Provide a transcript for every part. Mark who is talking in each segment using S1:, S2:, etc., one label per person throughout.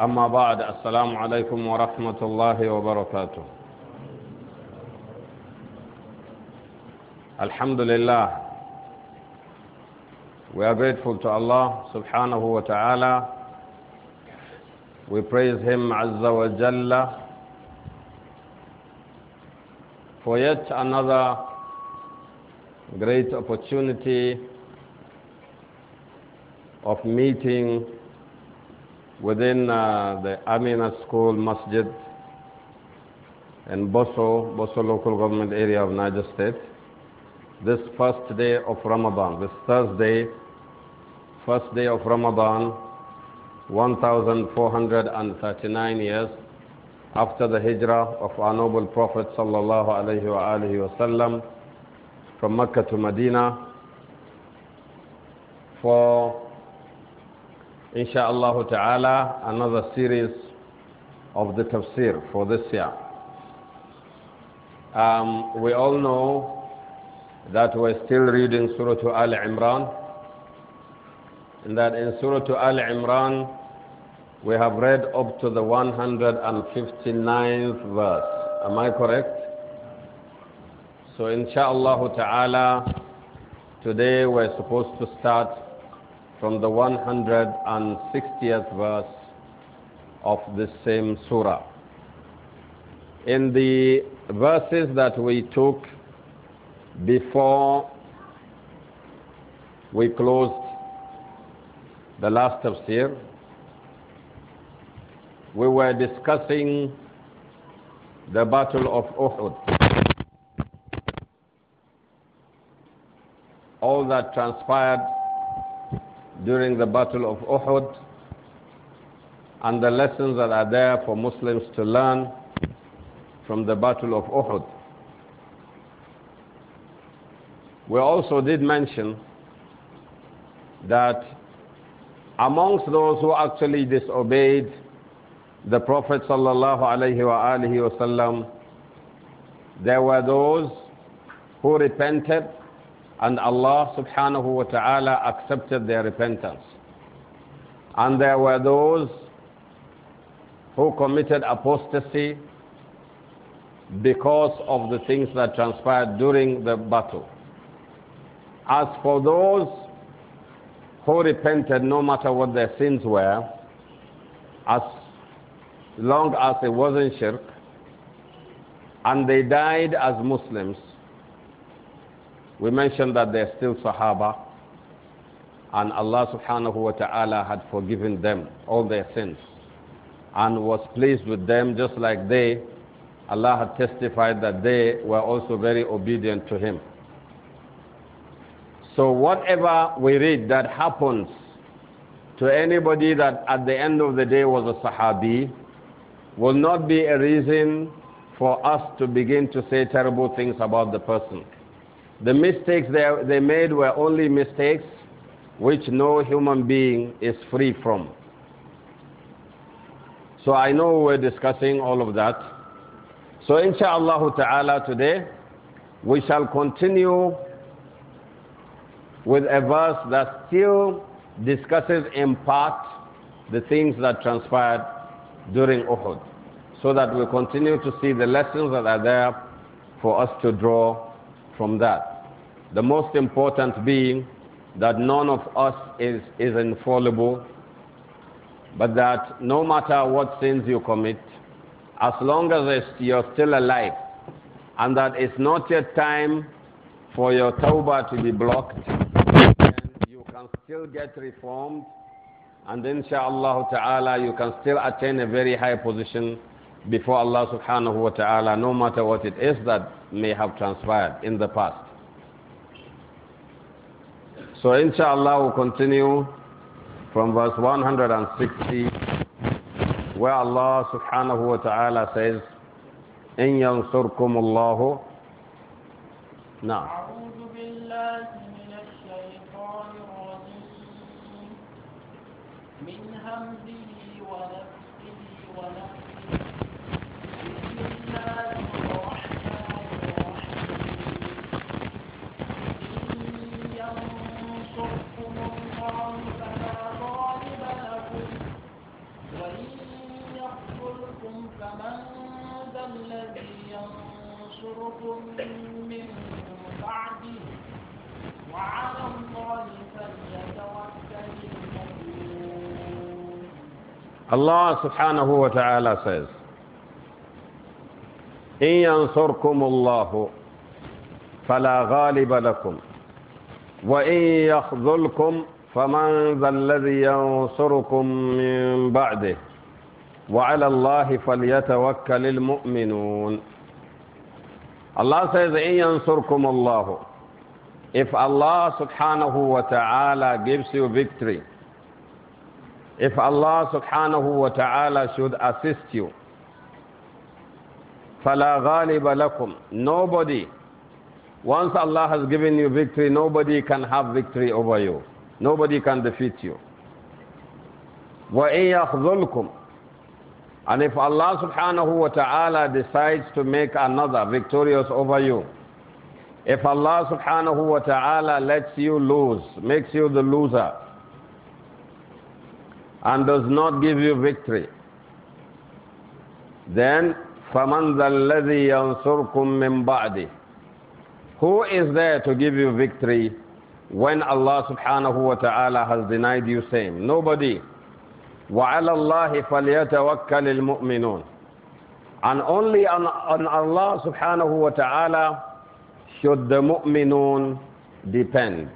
S1: أما بعد السلام عليكم ورحمة الله وبركاته الحمد لله We are grateful to Allah subhanahu wa ta'ala. We praise Him Azza wa Jalla for yet another great opportunity of meeting within uh, the Amina School Masjid in Boso, Boso local government area of Niger State. This first day of Ramadan, this Thursday, first day of Ramadan, 1439 years after the hijrah of our noble Prophet sallallahu alaihi wasallam from Mecca to Medina for Insha'Allah ta'ala, another series of the tafsir for this year. Um, we all know that we're still reading Surah Al Imran, and that in Surah Al Imran, we have read up to the 159th verse. Am I correct? So, insha'Allah ta'ala, today we're supposed to start from the 160th verse of this same surah. In the verses that we took before we closed the last of tafsir, we were discussing the Battle of Uhud. All that transpired during the Battle of Uhud and the lessons that are there for Muslims to learn from the Battle of Uhud. We also did mention that amongst those who actually disobeyed the Prophet sallallahu there were those who repented and Allah subhanahu wa ta'ala accepted their repentance. And there were those who committed apostasy because of the things that transpired during the battle. As for those who repented no matter what their sins were, as long as it wasn't shirk, and they died as Muslims, we mentioned that they're still Sahaba and Allah subhanahu wa ta'ala had forgiven them all their sins and was pleased with them just like they, Allah had testified that they were also very obedient to Him. So whatever we read that happens to anybody that at the end of the day was a Sahabi will not be a reason for us to begin to say terrible things about the person. The mistakes they, they made were only mistakes which no human being is free from. So I know we're discussing all of that. So insha'Allah ta'ala today, we shall continue with a verse that still discusses in part the things that transpired during Uhud. So that we continue to see the lessons that are there for us to draw from that. The most important being that none of us is, is infallible, but that no matter what sins you commit, as long as you're still alive, and that it's not yet time for your tawbah to be blocked, you can still get reformed, and inshallah ta'ala, you can still attain a very high position before Allah subhanahu wa ta'ala, no matter what it is that may have transpired in the past. So inshallah we'll continue from verse 160 where Allah subhanahu wa ta'ala says, إن ينصركم الله نعم من همزه ينصركم من بعده وعلى الله فليتوكل المؤمنون الله سبحانه وتعالى says إن ينصركم الله فلا غالب لكم وإن يخذلكم فمن ذا الذي ينصركم من بعده وعلى الله فليتوكل المؤمنون Allah says, "Iyansurkum الله If Allah subhanahu wa ta'ala gives you victory, if Allah subhanahu wa ta'ala should assist you, فَلَا غَالِبَ لَكُمْ Nobody, once Allah has given you victory, nobody can have victory over you. Nobody can defeat you. وَإِن يَخْذُلْكُمْ And if Allah subhanahu wa ta'ala decides to make another victorious over you, if Allah subhanahu wa ta'ala lets you lose, makes you the loser, and does not give you victory, then فَمَنْ ذَا الَّذِي يَنْصُرْكُم مِّن Who is there to give you victory when Allah subhanahu wa ta'ala has denied you same? Nobody. Nobody. وعلى الله فليتوكل المؤمنون and only on, on Allah subhanahu wa ta'ala should the mu'minun depend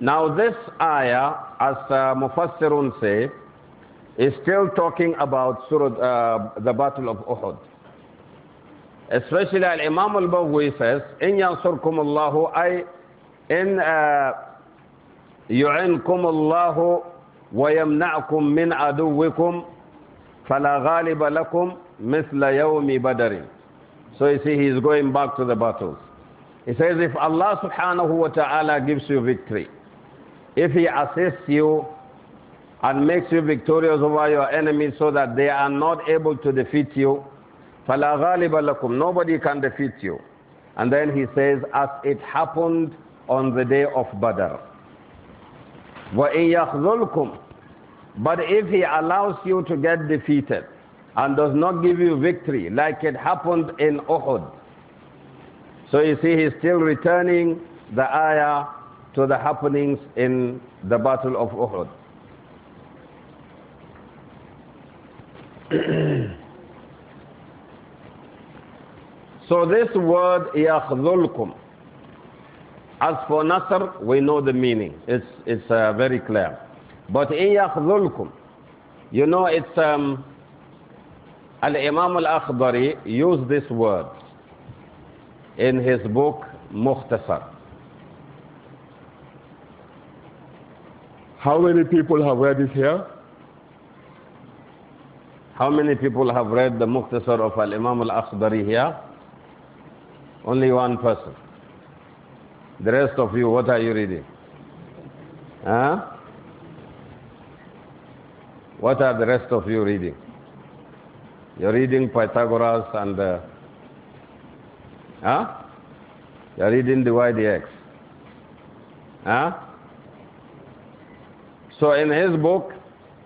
S1: now this ayah as uh, mufassirun say is still talking about surah uh, the battle of uhud especially imam al bawwi says in yansurkum allah ay in uh, يعنكم الله ويمنعكم من عدوكم فلا غالب لكم مثل يوم بدر So you see he is going back to the battles. He says if Allah subhanahu wa ta'ala gives you victory, if he assists you and makes you victorious over your enemies so that they are not able to defeat you, فَلَا غَالِبَ لَكُمْ Nobody can defeat you. And then he says, as it happened on the day of Badr. But if he allows you to get defeated and does not give you victory, like it happened in Uhud. So you see, he's still returning the ayah to the happenings in the Battle of Uhud. so this word, يَخْذُلْكُمْ as for Nasr, we know the meaning. It's, it's uh, very clear. But إِن يَخْذُلْكُمْ You know, it's... Um, Al-Imam Al-Akhdari used this word in his book Mukhtasar. How many people have read it here? How many people have read the Mukhtasar of Al-Imam Al-Akhdari here? Only one person. The rest of you, what are you reading? Huh? What are the rest of you reading? You're reading Pythagoras and... Uh, huh? You're reading the YDX. Huh? So in his book,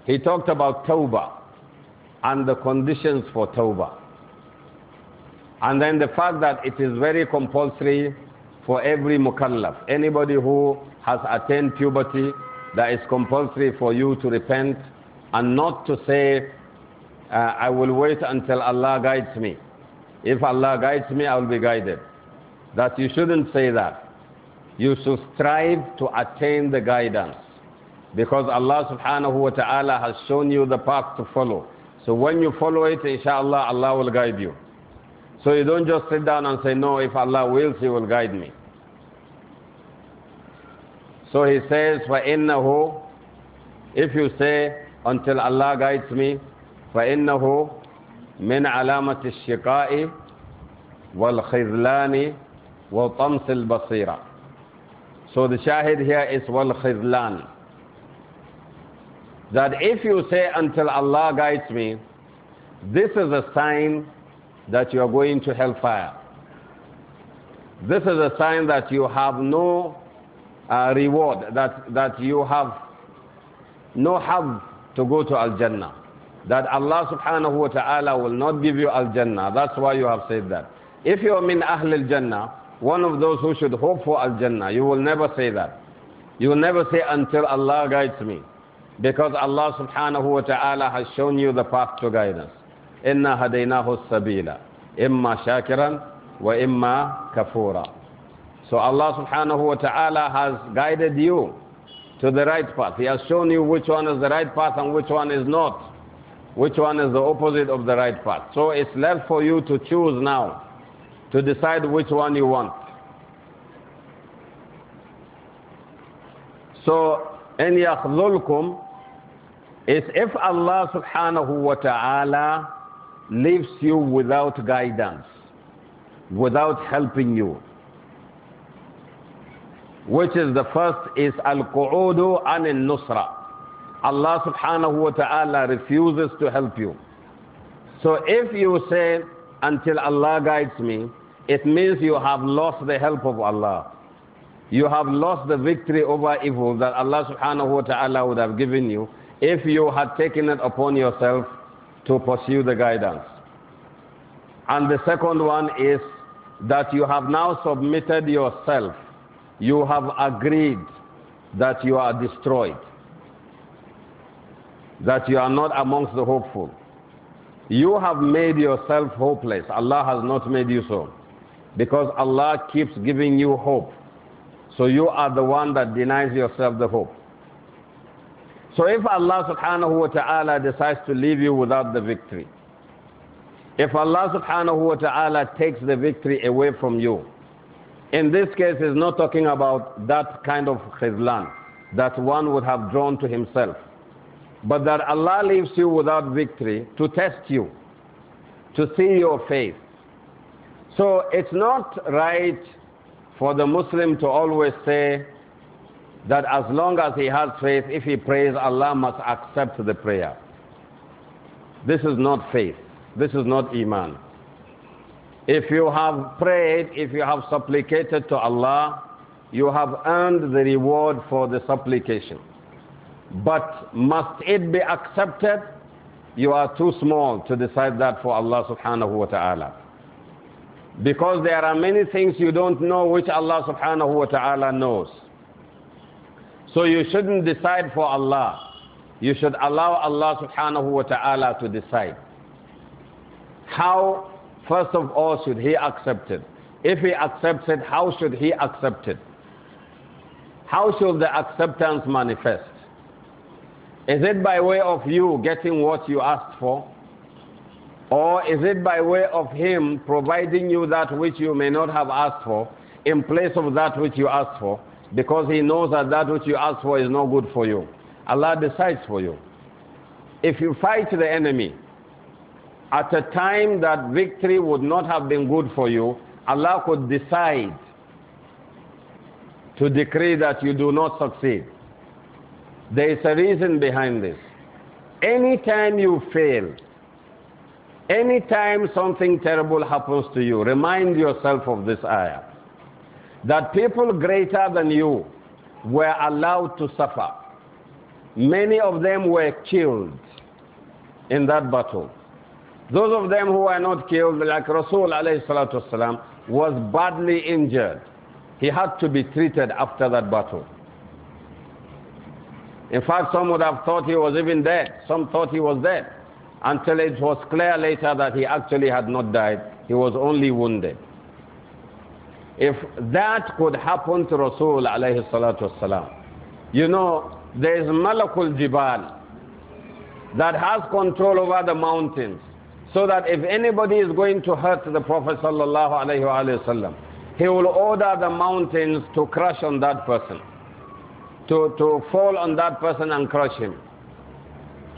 S1: he talked about Tawbah and the conditions for Tawbah. And then the fact that it is very compulsory for every mukallaf. Anybody who has attained puberty, that is compulsory for you to repent and not to say, uh, I will wait until Allah guides me. If Allah guides me, I will be guided. That you shouldn't say that. You should strive to attain the guidance. Because Allah subhanahu wa ta'ala has shown you the path to follow. So when you follow it, inshallah, Allah will guide you. So you don't just sit down and say, No, if Allah wills, He will guide me. So he says, فَإِنَّهُ If you say, until Allah guides me, فَإِنَّهُ مِنْ عَلَامَةِ الشِّقَاءِ وَالْخِذْلَانِ وَطَمْسِ الْبَصِيرَةِ So the shahid here is وَالْخِذْلَانِ That if you say, until Allah guides me, this is a sign that you are going to hellfire. This is a sign that you have no uh, reward, that, that you have no have to go to Al Jannah. That Allah subhanahu wa ta'ala will not give you Al Jannah. That's why you have said that. If you are min Ahl Al Jannah, one of those who should hope for Al Jannah, you will never say that. You will never say until Allah guides me. Because Allah subhanahu wa ta'ala has shown you the path to guidance. إِنَّا هَدَيْنَاهُ السَّبِيلَ إِمَّا شَاكِرًا وَإِمَّا كَفُورًا So Allah subhanahu wa ta'ala has guided you to the right path. He has shown you which one is the right path and which one is not. Which one is the opposite of the right path. So it's left for you to choose now, to decide which one you want. So, in يَخْذُلْكُمْ is if Allah subhanahu wa ta'ala leaves you without guidance, without helping you. Which is the first is al-qu'udu an nusra Allah subhanahu wa ta'ala refuses to help you. So if you say, until Allah guides me, it means you have lost the help of Allah. You have lost the victory over evil that Allah subhanahu wa ta'ala would have given you if you had taken it upon yourself to pursue the guidance. And the second one is that you have now submitted yourself. You have agreed that you are destroyed, that you are not amongst the hopeful. You have made yourself hopeless. Allah has not made you so. Because Allah keeps giving you hope. So you are the one that denies yourself the hope. So if Allah subhanahu wa ta'ala decides to leave you without the victory, if Allah subhanahu wa ta'ala takes the victory away from you, in this case, he's not talking about that kind of khizlan that one would have drawn to himself. But that Allah leaves you without victory to test you, to see your faith. So it's not right for the Muslim to always say, that as long as he has faith, if he prays, Allah must accept the prayer. This is not faith. This is not Iman. If you have prayed, if you have supplicated to Allah, you have earned the reward for the supplication. But must it be accepted? You are too small to decide that for Allah subhanahu wa ta'ala. Because there are many things you don't know which Allah subhanahu wa ta'ala knows. So you shouldn't decide for Allah. You should allow Allah subhanahu wa ta'ala to decide. How, first of all, should he accept it? If he accepts it, how should he accept it? How should the acceptance manifest? Is it by way of you getting what you asked for? Or is it by way of him providing you that which you may not have asked for in place of that which you asked for? Because He knows that that which you ask for is not good for you. Allah decides for you. If you fight the enemy at a time that victory would not have been good for you, Allah could decide to decree that you do not succeed. There is a reason behind this. Anytime you fail, anytime something terrible happens to you, remind yourself of this ayah that people greater than you were allowed to suffer. Many of them were killed in that battle. Those of them who were not killed, like Rasul والسلام, was badly injured. He had to be treated after that battle. In fact, some would have thought he was even dead. Some thought he was dead. Until it was clear later that he actually had not died. He was only wounded. If that could happen to Rasul alayhi salatu wasalam, you know, there is Malakul Jibal that has control over the mountains so that if anybody is going to hurt the Prophet sallallahu alayhi wa sallam, he will order the mountains to crush on that person, to, to fall on that person and crush him.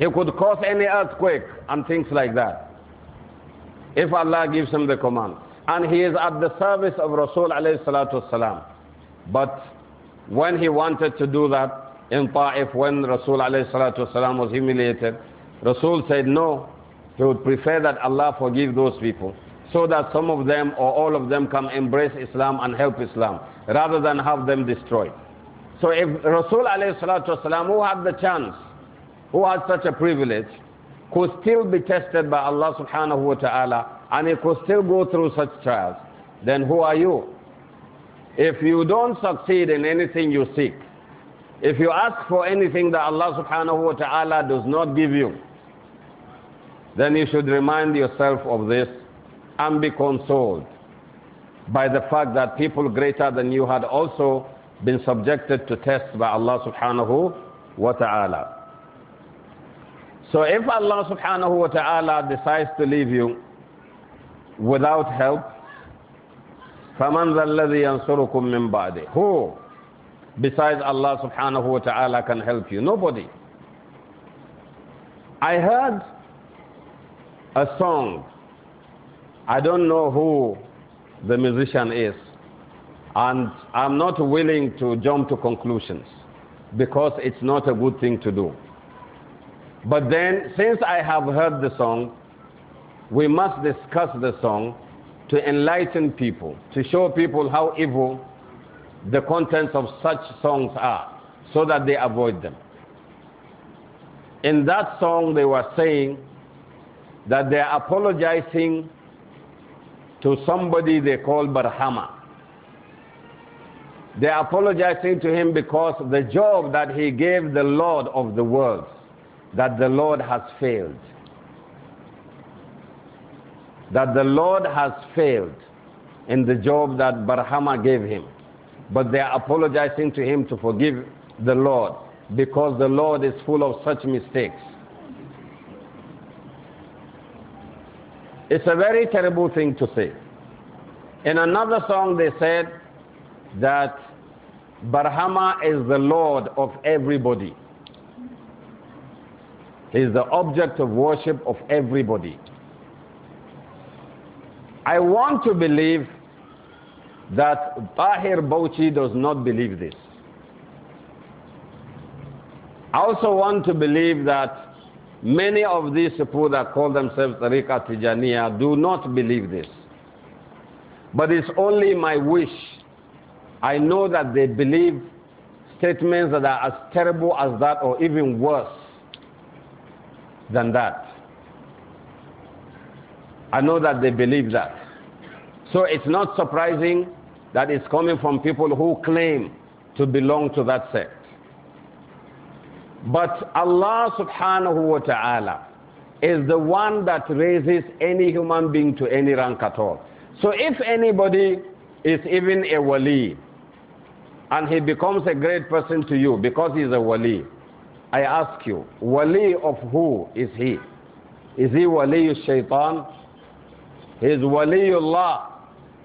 S1: He could cause any earthquake and things like that if Allah gives him the command and he is at the service of Rasul alayhi salatu wasalam. But when he wanted to do that in Ta'if, when Rasul alayhi salatu wasalam was humiliated, Rasul said no, he would prefer that Allah forgive those people so that some of them or all of them can embrace Islam and help Islam rather than have them destroyed. So if Rasul alayhi salatu wasalam, who had the chance, who had such a privilege, could still be tested by Allah subhanahu wa ta'ala and he could still go through such trials, then who are you? If you don't succeed in anything you seek, if you ask for anything that Allah subhanahu wa ta'ala does not give you, then you should remind yourself of this and be consoled by the fact that people greater than you had also been subjected to tests by Allah subhanahu wa ta'ala. So if Allah subhanahu wa ta'ala decides to leave you, without help? فَمَنْ ذَا الَّذِي يَنْصُرُكُم مِّن بَعْدِ Who besides Allah subhanahu wa ta'ala can help you? Nobody. I heard a song. I don't know who the musician is. And I'm not willing to jump to conclusions because it's not a good thing to do. But then, since I have heard the song, we must discuss the song to enlighten people, to show people how evil the contents of such songs are, so that they avoid them. In that song, they were saying that they are apologizing to somebody they call Barhama. They are apologizing to him because the job that he gave the Lord of the world, that the Lord has failed that the Lord has failed in the job that Barhama gave him. But they are apologizing to him to forgive the Lord because the Lord is full of such mistakes. It's a very terrible thing to say. In another song, they said that Barhama is the Lord of everybody. He is the object of worship of everybody. I want to believe that Bahir Bauchi does not believe this. I also want to believe that many of these people that call themselves Tariqa Tijaniya do not believe this. But it's only my wish. I know that they believe statements that are as terrible as that or even worse than that. I know that they believe that. So it's not surprising that it's coming from people who claim to belong to that sect. But Allah subhanahu wa ta'ala is the one that raises any human being to any rank at all. So if anybody is even a wali and he becomes a great person to you because he's a wali, I ask you, wali of who is he? Is he wali shaitan? He's waliullah.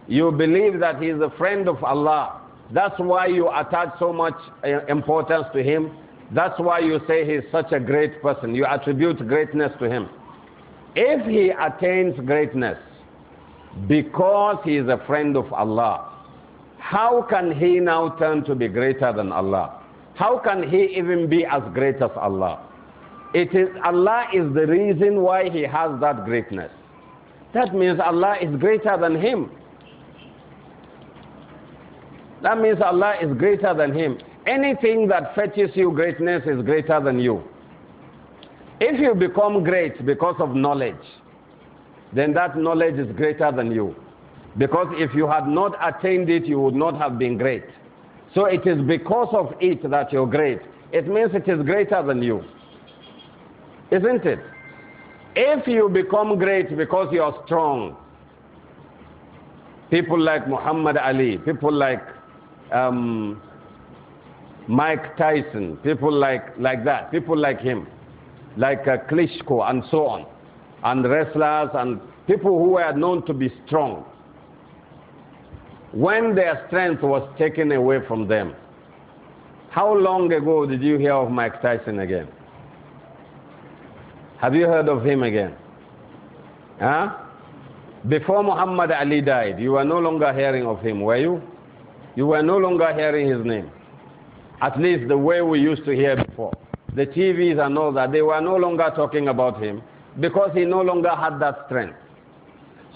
S1: You believe that he is a friend of Allah. That's why you attach so much uh, importance to him. That's why you say he is such a great person. You attribute greatness to him. If he attains greatness because he is a friend of Allah, how can he now turn to be greater than Allah? How can he even be as great as Allah? It is Allah is the reason why he has that greatness. That means Allah is greater than him. That means Allah is greater than him. Anything that fetches you greatness is greater than you. If you become great because of knowledge, then that knowledge is greater than you. Because if you had not attained it, you would not have been great. So it is because of it that you're great. It means it is greater than you. Isn't it? If you become great because you are strong, people like Muhammad Ali, people like um, Mike Tyson, people like, like that, people like him, like uh, Klitschko and so on, and wrestlers and people who were known to be strong. When their strength was taken away from them, how long ago did you hear of Mike Tyson again? Have you heard of him again? Huh? Before Muhammad Ali died, you were no longer hearing of him, were you? You were no longer hearing his name. At least the way we used to hear before. The TVs and all that, they were no longer talking about him because he no longer had that strength.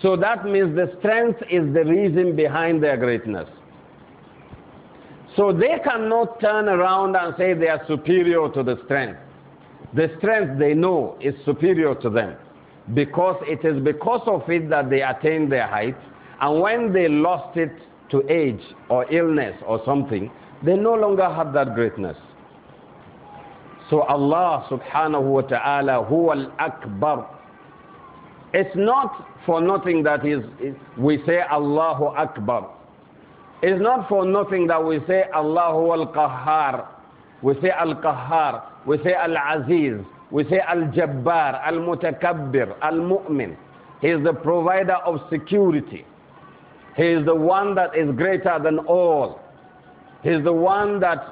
S1: So that means the strength is the reason behind their greatness. So they cannot turn around and say they are superior to the strength. The strength they know is superior to them because it is because of it that they attained their height. And when they lost it to age or illness or something, they no longer have that greatness. So Allah subhanahu wa ta'ala, huwa al-akbar. It's not for nothing that is, we say Allahu Akbar. It's not for nothing that we say Allahu al-Qahhar. We say al-Qahhar we say Al-Aziz, we say Al-Jabbar, Al-Mutakabbir, Al-Mu'min. He is the provider of security. He is the one that is greater than all. He is the one that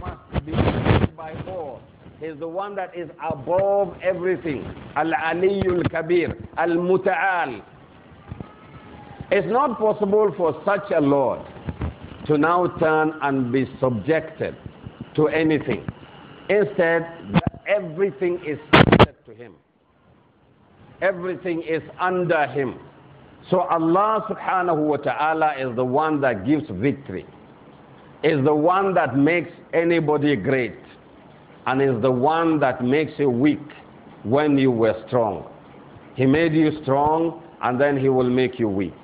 S1: must be obeyed by all. He is the one that is above everything. Al-Aliyul Kabir, Al-Muta'al. It's not possible for such a Lord to now turn and be subjected to anything. Instead, everything is subject to him. Everything is under him. So Allah subhanahu wa ta'ala is the one that gives victory, is the one that makes anybody great, and is the one that makes you weak when you were strong. He made you strong and then he will make you weak.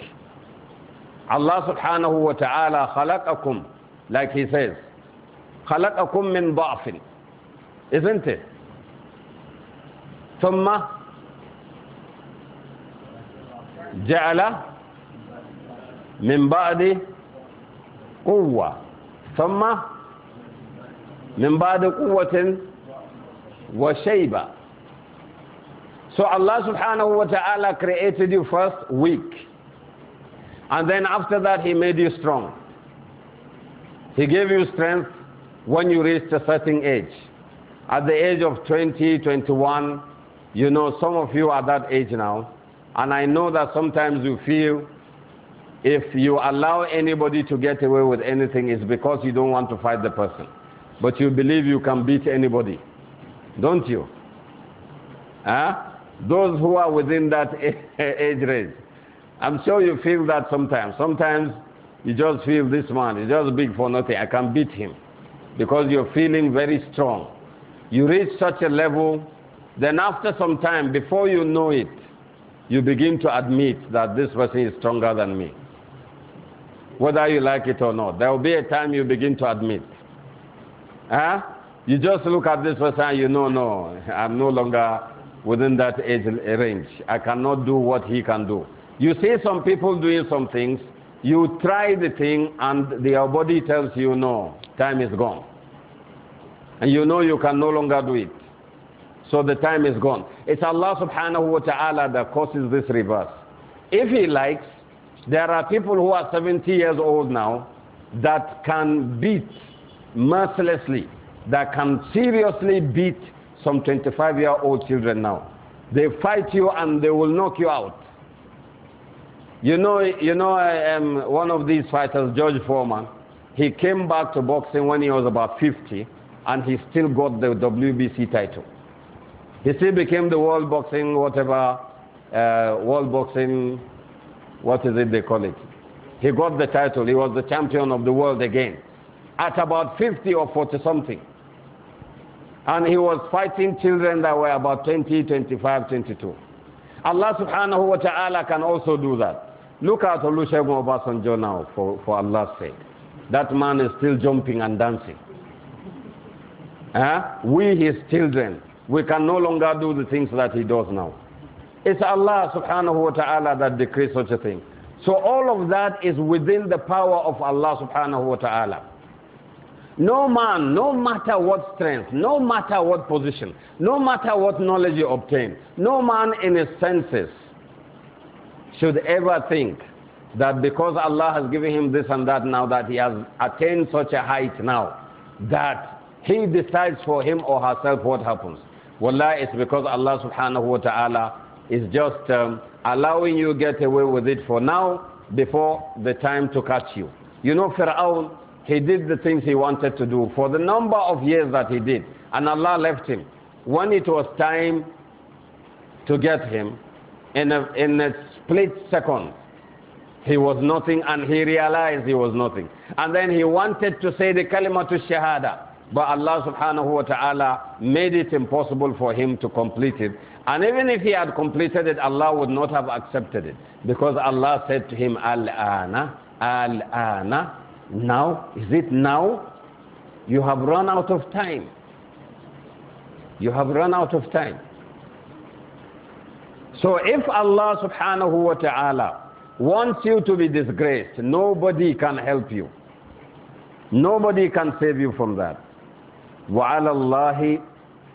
S1: Allah subhanahu wa ta'ala khalaqakum, like he says, khalaqakum min ba'fin. Isn't it? ثم جعل من بعد قوة ثم من بعد قوة وشيبة So Allah subhanahu wa ta'ala created you first weak. And then after that He made you strong. He gave you strength when you reached a certain age at the age of 20, 21, you know, some of you are that age now, and I know that sometimes you feel if you allow anybody to get away with anything, it's because you don't want to fight the person. But you believe you can beat anybody, don't you? Huh? Those who are within that age range. I'm sure you feel that sometimes. Sometimes you just feel this man is just big for nothing. I can beat him because you're feeling very strong. You reach such a level, then after some time, before you know it, you begin to admit that this person is stronger than me. Whether you like it or not, there will be a time you begin to admit. Huh? You just look at this person and you know, no, I'm no longer within that age range. I cannot do what he can do. You see some people doing some things, you try the thing, and your body tells you, no, time is gone and you know you can no longer do it. So the time is gone. It's Allah subhanahu wa ta'ala that causes this reverse. If He likes, there are people who are 70 years old now that can beat mercilessly, that can seriously beat some 25 year old children now. They fight you and they will knock you out. You know, you know I am one of these fighters, George Foreman, he came back to boxing when he was about 50 and he still got the WBC title. He still became the world boxing, whatever, uh, world boxing, what is it they call it? He got the title. He was the champion of the world again at about 50 or 40 something. And he was fighting children that were about 20, 25, 22. Allah subhanahu wa ta'ala can also do that. Look at Olusegun Obasanjo now, for, for Allah's sake. That man is still jumping and dancing. Huh? We, his children, we can no longer do the things that he does now. It's Allah subhanahu wa ta'ala that decrees such a thing. So all of that is within the power of Allah subhanahu wa ta'ala. No man, no matter what strength, no matter what position, no matter what knowledge you obtain, no man in his senses should ever think that because Allah has given him this and that now, that he has attained such a height now, that he decides for him or herself what happens. Wallah, it's because Allah subhanahu wa ta'ala is just um, allowing you get away with it for now before the time to catch you. You know, Fir'aun, he did the things he wanted to do for the number of years that he did. And Allah left him. When it was time to get him, in a, in a split second, he was nothing and he realized he was nothing. And then he wanted to say the kalimatu shahada. But Allah subhanahu wa ta'ala made it impossible for him to complete it. And even if he had completed it, Allah would not have accepted it. Because Allah said to him, Al-ana, Al-ana, now, is it now? You have run out of time. You have run out of time. So if Allah subhanahu wa ta'ala wants you to be disgraced, nobody can help you. Nobody can save you from that. وَعَلَى اللَّهِ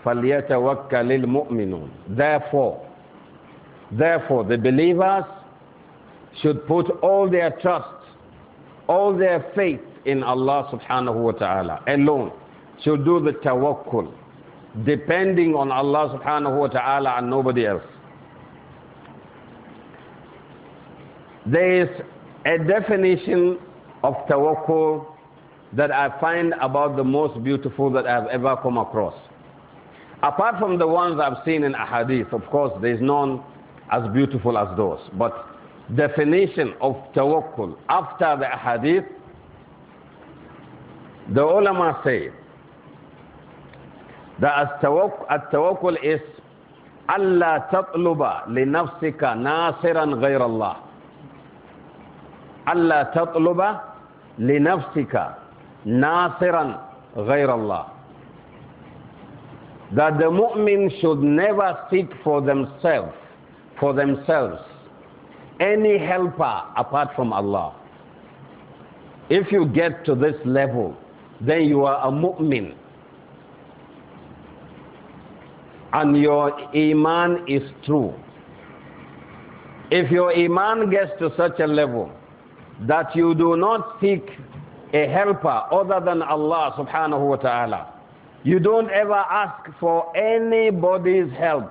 S1: فَلْيَتَوَكَّلِ الْمُؤْمِنُونَ Therefore, therefore the believers should put all their trust, all their faith in Allah subhanahu wa ta'ala alone. Should do the tawakkul, depending on Allah subhanahu wa ta'ala and nobody else. There is a definition of tawakkul that I find about the most beautiful that I've ever come across. Apart from the ones I've seen in ahadith, of course, there's none as beautiful as those. But definition of tawakkul after the ahadith, the ulama say that as tawakkul is Allah tatluba li nafsika nasiran ghayr Allah. Allah tatluba li nafsika Nasiran غير الله That the mu'min should never seek for themselves, for themselves, any helper apart from Allah. If you get to this level, then you are a mu'min. And your iman is true. If your iman gets to such a level that you do not seek a helper other than Allah subhanahu wa ta'ala. You don't ever ask for anybody's help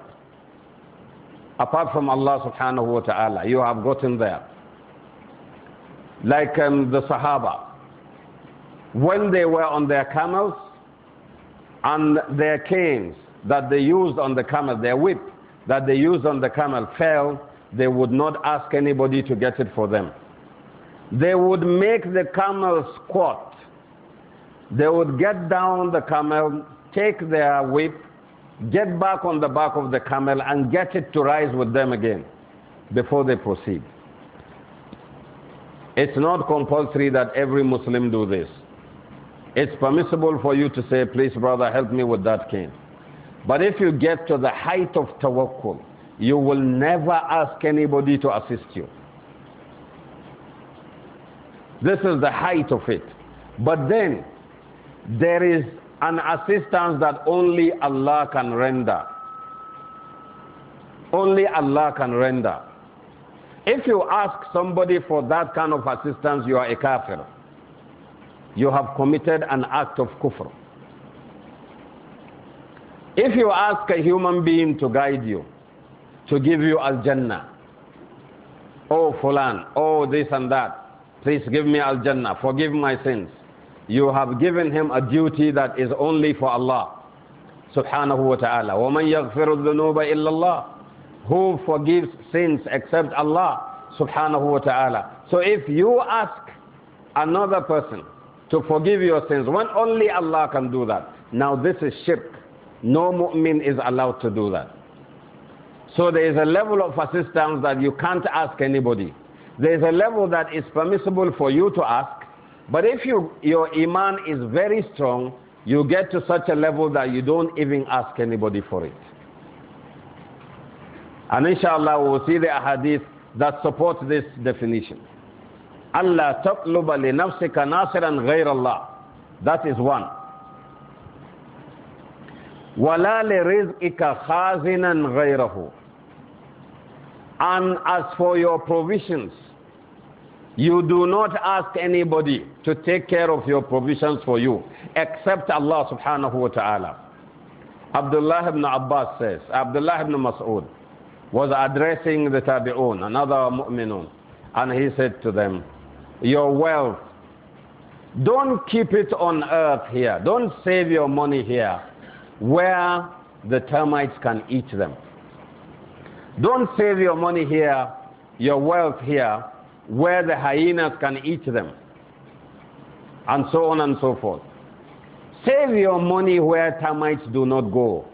S1: apart from Allah subhanahu wa ta'ala. You have gotten there. Like um, the Sahaba, when they were on their camels and their canes that they used on the camel, their whip that they used on the camel fell, they would not ask anybody to get it for them. They would make the camel squat. They would get down the camel, take their whip, get back on the back of the camel, and get it to rise with them again before they proceed. It's not compulsory that every Muslim do this. It's permissible for you to say, please, brother, help me with that cane. But if you get to the height of tawakkul, you will never ask anybody to assist you. This is the height of it. But then, there is an assistance that only Allah can render. Only Allah can render. If you ask somebody for that kind of assistance, you are a kafir. You have committed an act of kufr. If you ask a human being to guide you, to give you al Jannah, oh, Fulan, oh, this and that, Please give me Al Jannah. Forgive my sins. You have given him a duty that is only for Allah. Subhanahu wa ta'ala. وَمَنْ يَغْفِرُ الذُّنُوبَ إِلَّا اللَّهِ Who forgives sins except Allah? Subhanahu wa ta'ala. So if you ask another person to forgive your sins, when only Allah can do that. Now this is shirk. No mu'min is allowed to do that. So there is a level of assistance that you can't ask anybody. There is a level that is permissible for you to ask, but if you, your iman is very strong, you get to such a level that you don't even ask anybody for it. And inshallah, we will see the hadith that supports this definition. Allah taqluba li nafsika nasiran ghayr Allah. That is one. Wala li rizqika khazinan ghayrahu. And as for your provisions, you do not ask anybody to take care of your provisions for you except Allah subhanahu wa ta'ala. Abdullah ibn Abbas says, Abdullah ibn Mas'ud was addressing the Tabi'un, another mu'minun, and he said to them, Your wealth, don't keep it on earth here. Don't save your money here where the termites can eat them. Don't save your money here, your wealth here where the hyenas can eat them, and so on and so forth. Save your money where termites do not go.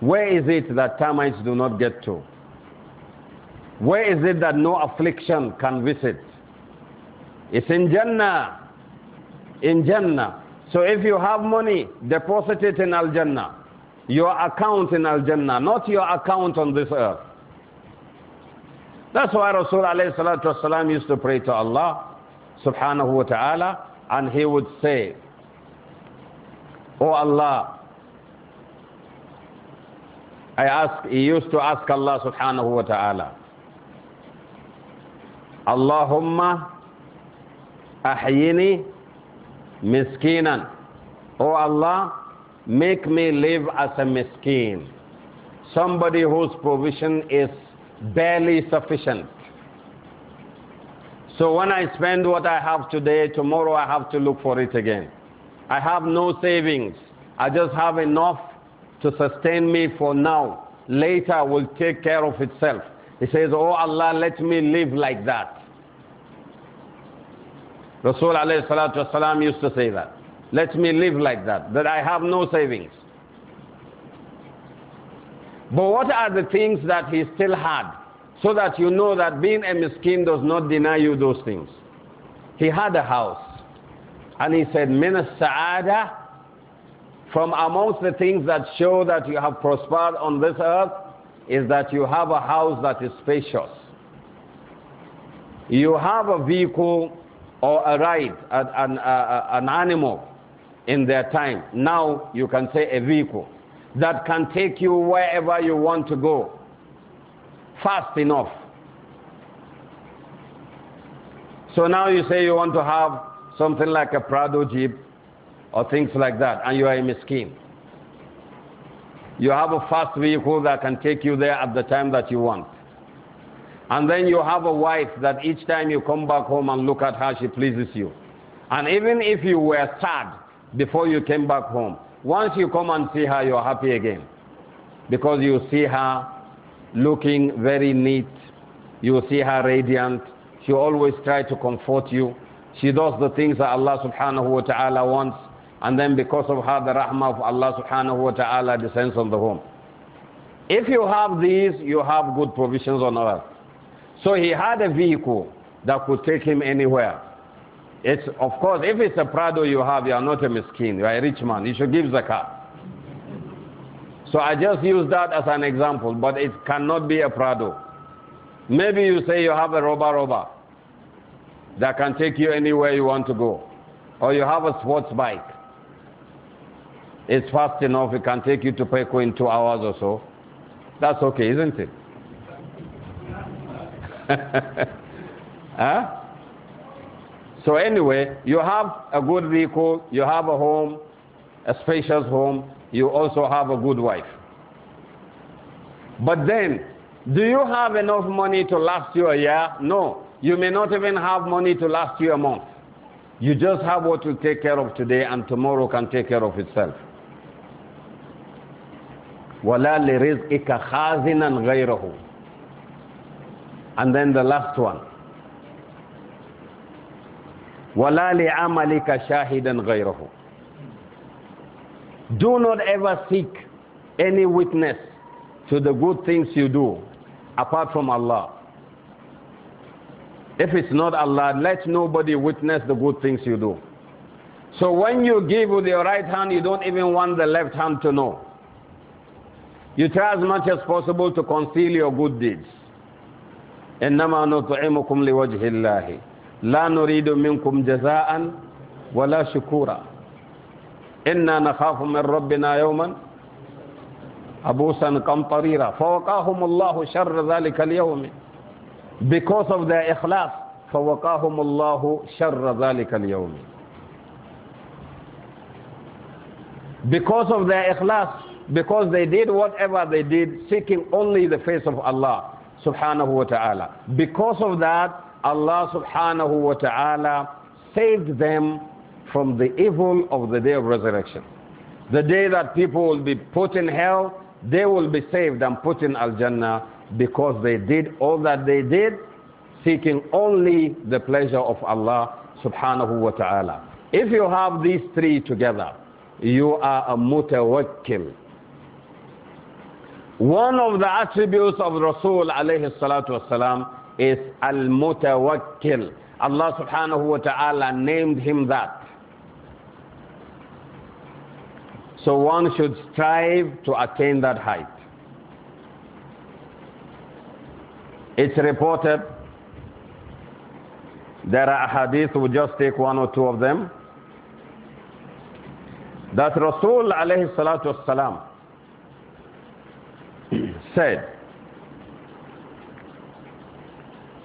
S1: Where is it that termites do not get to? Where is it that no affliction can visit? It's in Jannah. In Jannah. So if you have money, deposit it in Al Jannah. Your account in Al Jannah, not your account on this earth. That's why Rasul والسلام, used to pray to Allah subhanahu wa ta'ala and he would say, O oh Allah, I ask, he used to ask Allah subhanahu wa ta'ala, Allahumma ahyini miskinan. O oh Allah, make me live as a miskin. Somebody whose provision is barely sufficient. So when I spend what I have today, tomorrow I have to look for it again. I have no savings. I just have enough to sustain me for now. Later will take care of itself. He says, Oh Allah, let me live like that. Rasul used to say that. Let me live like that, that I have no savings. But what are the things that he still had? So that you know that being a miskin does not deny you those things. He had a house. And he said, Minas Sa'ada, from amongst the things that show that you have prospered on this earth, is that you have a house that is spacious. You have a vehicle or a ride, an, an animal in their time. Now you can say a vehicle that can take you wherever you want to go fast enough. So now you say you want to have something like a Prado Jeep or things like that, and you are a scheme. You have a fast vehicle that can take you there at the time that you want. And then you have a wife that each time you come back home and look at her, she pleases you. And even if you were sad before you came back home, once you come and see her, you are happy again. Because you see her looking very neat. You see her radiant. She always tries to comfort you. She does the things that Allah subhanahu wa ta'ala wants. And then because of her, the rahmah of Allah subhanahu wa ta'ala descends on the home. If you have these, you have good provisions on earth. So he had a vehicle that could take him anywhere. It's, of course, if it's a Prado you have, you are not a miskin, you are a rich man. You should give zakat. So I just use that as an example, but it cannot be a Prado. Maybe you say you have a roba roba that can take you anywhere you want to go, or you have a sports bike. It's fast enough, it can take you to Peko in two hours or so. That's okay, isn't it? huh? So anyway, you have a good vehicle, you have a home, a spacious home, you also have a good wife. But then, do you have enough money to last you a year? No. You may not even have money to last you a month. You just have what you take care of today and tomorrow can take care of itself. And then the last one. وَلَا لِعَمَلِكَ شَاهِدًا غَيْرَهُ Do not ever seek any witness to the good things you do apart from Allah. If it's not Allah, let nobody witness the good things you do. So when you give with your right hand, you don't even want the left hand to know. You try as much as possible to conceal your good deeds. إنما نطعمكم لوجه الله لا نريد منكم جزاء ولا شكورا إنا نخاف من ربنا يوما أبوسا قمطريرا فوقاهم الله شر ذلك اليوم because of their إخلاص فوقاهم الله شر ذلك اليوم because of their إخلاص because they did whatever they did seeking only the face of Allah subhanahu wa ta'ala because of that Allah subhanahu wa ta'ala saved them from the evil of the day of resurrection. The day that people will be put in hell, they will be saved and put in Al Jannah because they did all that they did, seeking only the pleasure of Allah subhanahu wa ta'ala. If you have these three together, you are a mutawakkil. One of the attributes of Rasul alayhi salatu wasalam is Al-Mutawakkil. Allah subhanahu wa ta'ala named him that. So one should strive to attain that height. It's reported, there are hadith, we will just take one or two of them, that Rasul alayhi salatu salam said,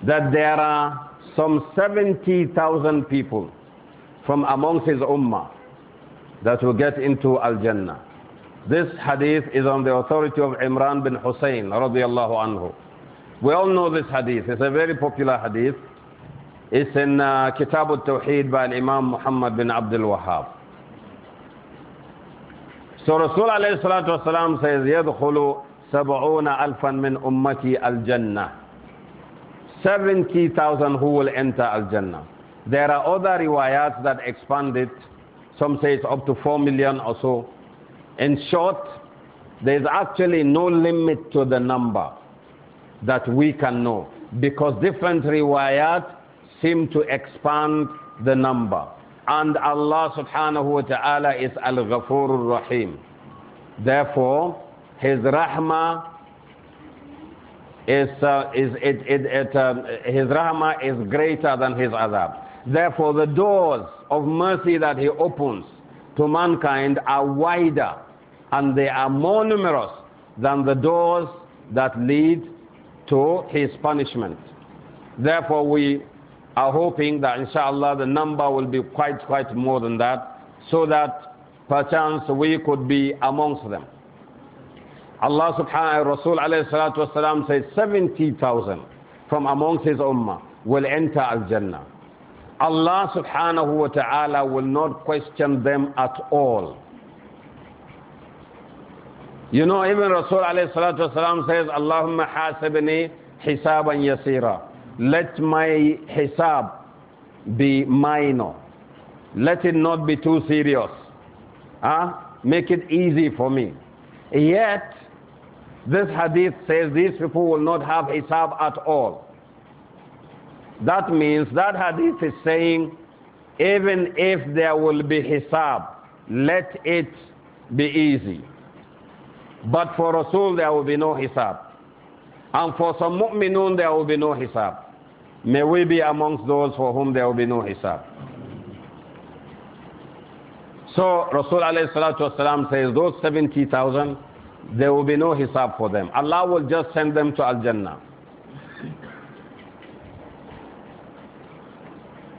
S1: that there are some 70,000 people from amongst his ummah that will get into Al-Jannah. This hadith is on the authority of Imran bin Hussein radiallahu anhu. We all know this hadith. It's a very popular hadith. It's in uh, Kitab al-Tawheed by Imam Muhammad bin Abdul Wahhab. So Rasul alayhi salatu wasalam says, يَدْخُلُ سَبْعُونَ أَلْفًا مِنْ أُمَّتِي الْجَنَّةِ 70,000 who will enter Al-Jannah. There are other riwayats that expand it. Some say it's up to 4 million or so. In short, there is actually no limit to the number that we can know because different riwayat seem to expand the number. And Allah subhanahu wa ta'ala is Al-Ghafurur Rahim. Therefore, His rahmah is, uh, is it, it, it, um, his rahmah is greater than his azab. Therefore, the doors of mercy that he opens to mankind are wider and they are more numerous than the doors that lead to his punishment. Therefore, we are hoping that inshallah the number will be quite, quite more than that so that perchance we could be amongst them. Allah subhanahu Rasul alayhi salatu wasalam says 70,000 from amongst his ummah will enter al-Jannah. Allah subhanahu wa ta'ala will not question them at all. You know, even Rasul alayhi salatu wasalam says, Allahumma hasibni hisaban yasira. Let my hisab be minor. Let it not be too serious. Huh? Make it easy for me. Yet, this hadith says these people will not have hisab at all. That means that hadith is saying even if there will be hisab, let it be easy. But for Rasul there will be no hisab. And for some mu'minun there will be no hisab. May we be amongst those for whom there will be no hisab. So Rasul alayhi salatu wasalam says those 70,000 there will be no hisab for them. Allah will just send them to Al Jannah.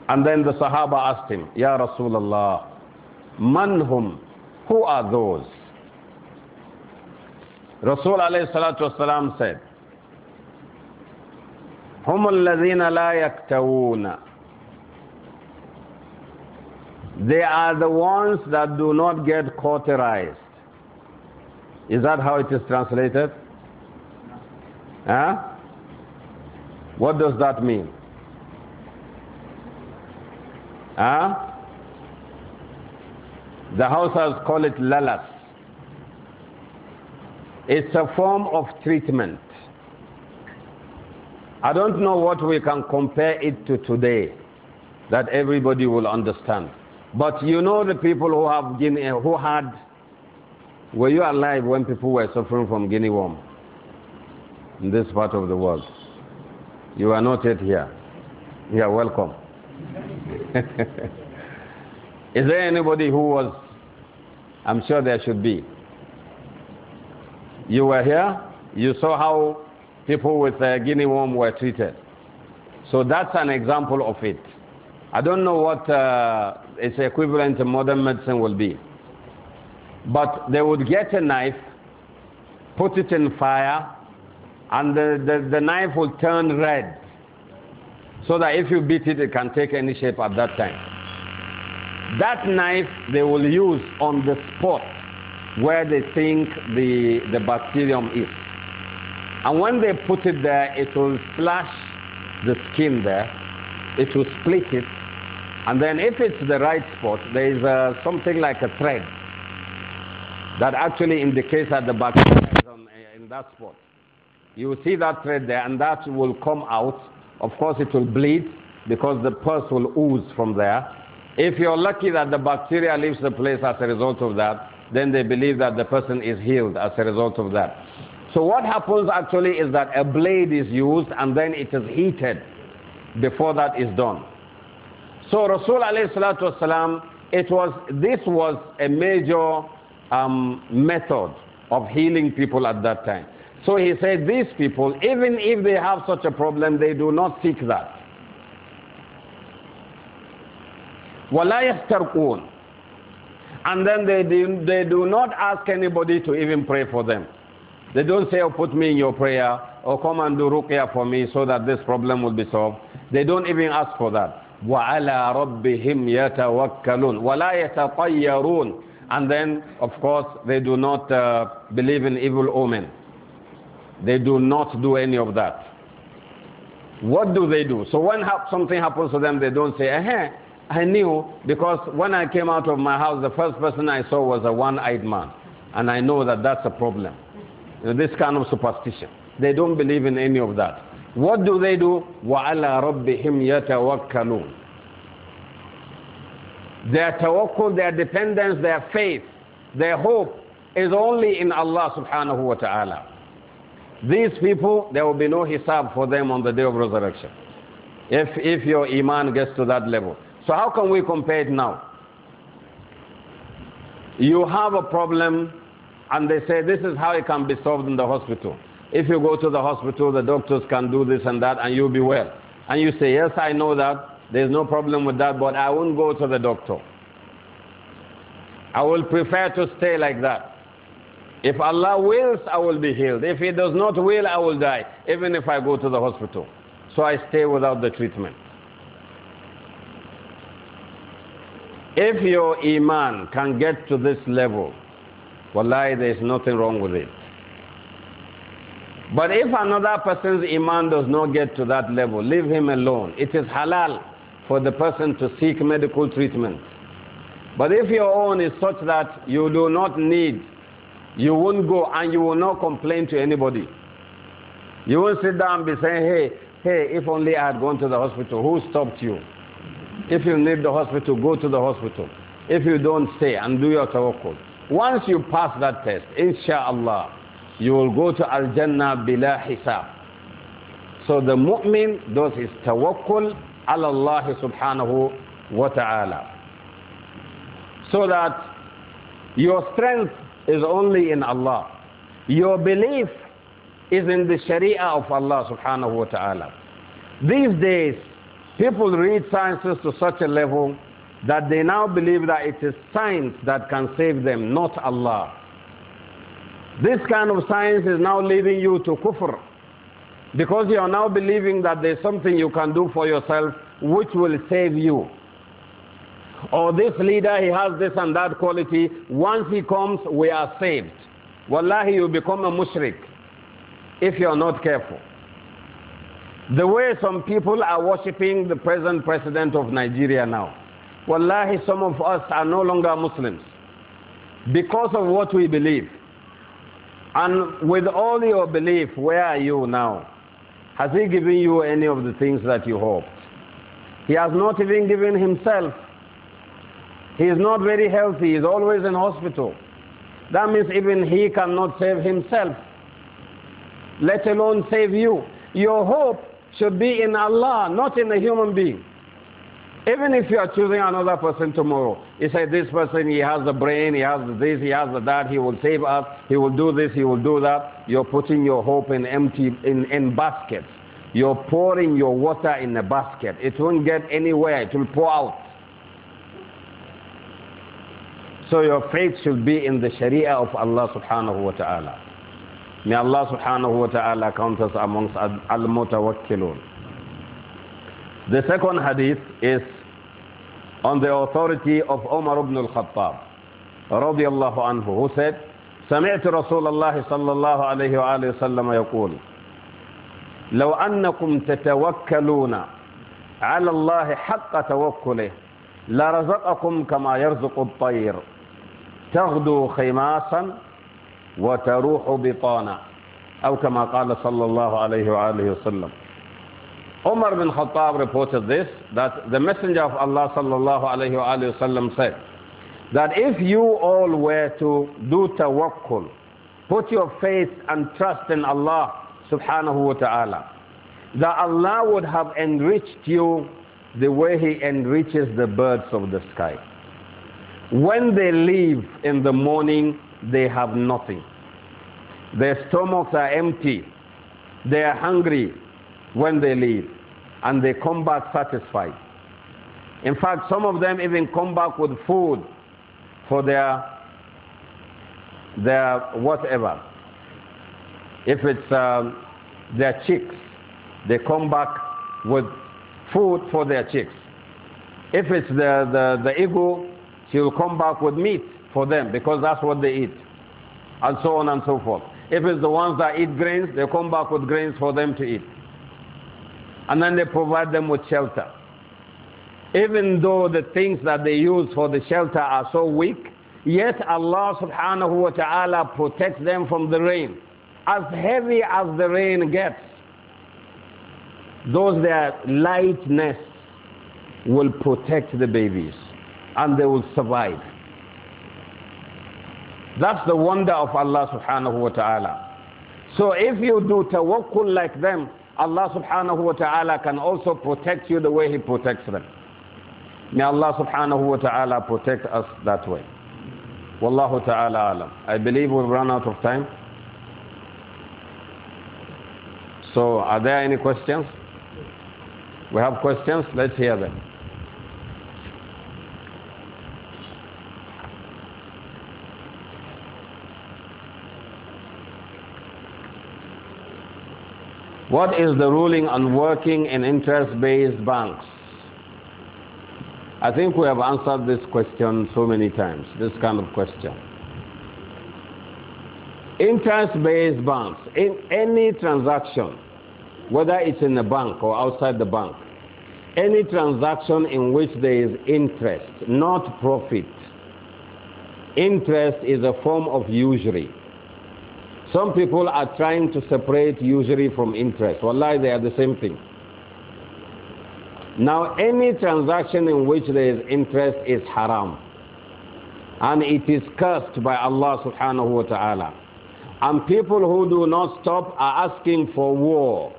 S1: And then the Sahaba asked him, Ya Rasulullah, manhum, who are those? Rasul alayhi said, هم الذين لا يكتوون They are the ones that do not get cauterized. Is that how it is translated? Huh? What does that mean? Huh? The houses call it lalas. It's a form of treatment. I don't know what we can compare it to today that everybody will understand. But you know the people who have who had were you alive when people were suffering from guinea worm in this part of the world? You are not yet here. You are welcome. Is there anybody who was? I'm sure there should be. You were here, you saw how people with guinea worm were treated. So that's an example of it. I don't know what uh, its equivalent in modern medicine will be. But they would get a knife, put it in fire, and the, the, the knife will turn red. So that if you beat it, it can take any shape at that time. That knife they will use on the spot where they think the, the bacterium is. And when they put it there, it will slash the skin there, it will split it, and then if it's the right spot, there is a, uh, something like a thread that actually indicates that the bacteria is on, uh, in that spot. You see that thread there, and that will come out. Of course, it will bleed because the pus will ooze from there. If you're lucky that the bacteria leaves the place as a result of that, then they believe that the person is healed as a result of that. So what happens actually is that a blade is used and then it is heated before that is done. So Rasul it was, this was a major um, method of healing people at that time. So he said, These people, even if they have such a problem, they do not seek that. وَلَا And then they do, they do not ask anybody to even pray for them. They don't say, oh, put me in your prayer, or come and do ruqya for me so that this problem will be solved. They don't even ask for that. وَعَلَى رَبِّهِمْ يَتَوَكَّلُونَ وَلَا يَتَطَيَّرُونَ and then, of course, they do not uh, believe in evil omen. They do not do any of that. What do they do? So when ha something happens to them, they don't say, eh, -huh, I knew because when I came out of my house, the first person I saw was a one-eyed man. And I know that that's a problem. You know, this kind of superstition. They don't believe in any of that. What do they do? وَعَلَىٰ رَبِّهِمْ يَتَوَكَّلُونَ their tawakkul, their dependence, their faith, their hope is only in Allah subhanahu wa ta'ala. These people, there will be no hisab for them on the day of resurrection. If, if your iman gets to that level. So how can we compare it now? You have a problem and they say this is how it can be solved in the hospital. If you go to the hospital, the doctors can do this and that and you'll be well. And you say, yes, I know that. There's no problem with that, but I won't go to the doctor. I will prefer to stay like that. If Allah wills, I will be healed. If He does not will, I will die, even if I go to the hospital. So I stay without the treatment. If your Iman can get to this level, wallahi, there is nothing wrong with it. But if another person's Iman does not get to that level, leave him alone. It is halal for the person to seek medical treatment. But if your own is such that you do not need, you won't go and you will not complain to anybody. You won't sit down and be saying, hey, hey, if only I had gone to the hospital, who stopped you? If you need the hospital, go to the hospital. If you don't, stay and do your tawakkul. Once you pass that test, inshallah, you will go to Al Jannah bila hisab. So the mu'min does his tawakkul ala Allah subhanahu wa ta'ala. So that your strength is only in Allah. Your belief is in the Sharia of Allah subhanahu wa ta'ala. These days, people read sciences to such a level that they now believe that it is science that can save them, not Allah. This kind of science is now leading you to kufr. Because you are now believing that there's something you can do for yourself which will save you. Or this leader, he has this and that quality. Once he comes, we are saved. Wallahi, you become a mushrik if you are not careful. The way some people are worshipping the present president of Nigeria now. Wallahi, some of us are no longer Muslims because of what we believe. And with all your belief, where are you now? Has he given you any of the things that you hoped? He has not even given himself. He is not very healthy. He is always in hospital. That means even he cannot save himself, let alone save you. Your hope should be in Allah, not in a human being. Even if you are choosing another person tomorrow, you say, This person, he has the brain, he has this, he has the that, he will save us, he will do this, he will do that. You're putting your hope in empty, in, in baskets. You're pouring your water in a basket. It won't get anywhere, it will pour out. So your faith should be in the Sharia of Allah subhanahu wa ta'ala. May Allah subhanahu wa ta'ala count us amongst al-mutawakkilun. The second hadith is on the authority of Umar ibn al-Khattab رضي الله عنه who said سمعت رسول الله صلى الله عليه وآله وسلم يقول لو أنكم تتوكلون على الله حق توكله لرزقكم كما يرزق الطير تغدو خماسا وتروح بطانا أو كما قال صلى الله عليه وآله وسلم Umar bin Khattab reported this, that the Messenger of Allah sallallahu alayhi wa sallam said, that if you all were to do tawakkul, put your faith and trust in Allah subhanahu wa ta'ala, that Allah would have enriched you the way He enriches the birds of the sky. When they leave in the morning, they have nothing. Their stomachs are empty. They are hungry when they leave. And they come back satisfied. In fact, some of them even come back with food for their, their whatever. If it's um, their chicks, they come back with food for their chicks. If it's the, the, the eagle, she will come back with meat for them because that's what they eat. And so on and so forth. If it's the ones that eat grains, they come back with grains for them to eat and then they provide them with shelter. Even though the things that they use for the shelter are so weak, yet Allah subhanahu wa ta'ala protects them from the rain. As heavy as the rain gets, those their lightness will protect the babies and they will survive. That's the wonder of Allah subhanahu wa ta'ala. So if you do tawakkul like them, Allah subhanahu wa ta'ala can also protect you the way He protects them. May Allah subhanahu wa ta'ala protect us that way. Wallahu ta'ala alam. I believe we've run out of time. So, are there any questions? We have questions? Let's hear them. What is the ruling on working in interest-based banks? I think we have answered this question so many times, this kind of question. Interest-based banks, in any transaction, whether it's in the bank or outside the bank, any transaction in which there is interest, not profit, interest is a form of usury. Some people are trying to separate usury from interest. Wallahi, they are the same thing. Now, any transaction in which there is interest is haram. And it is cursed by Allah subhanahu wa ta'ala. And people who do not stop are asking for war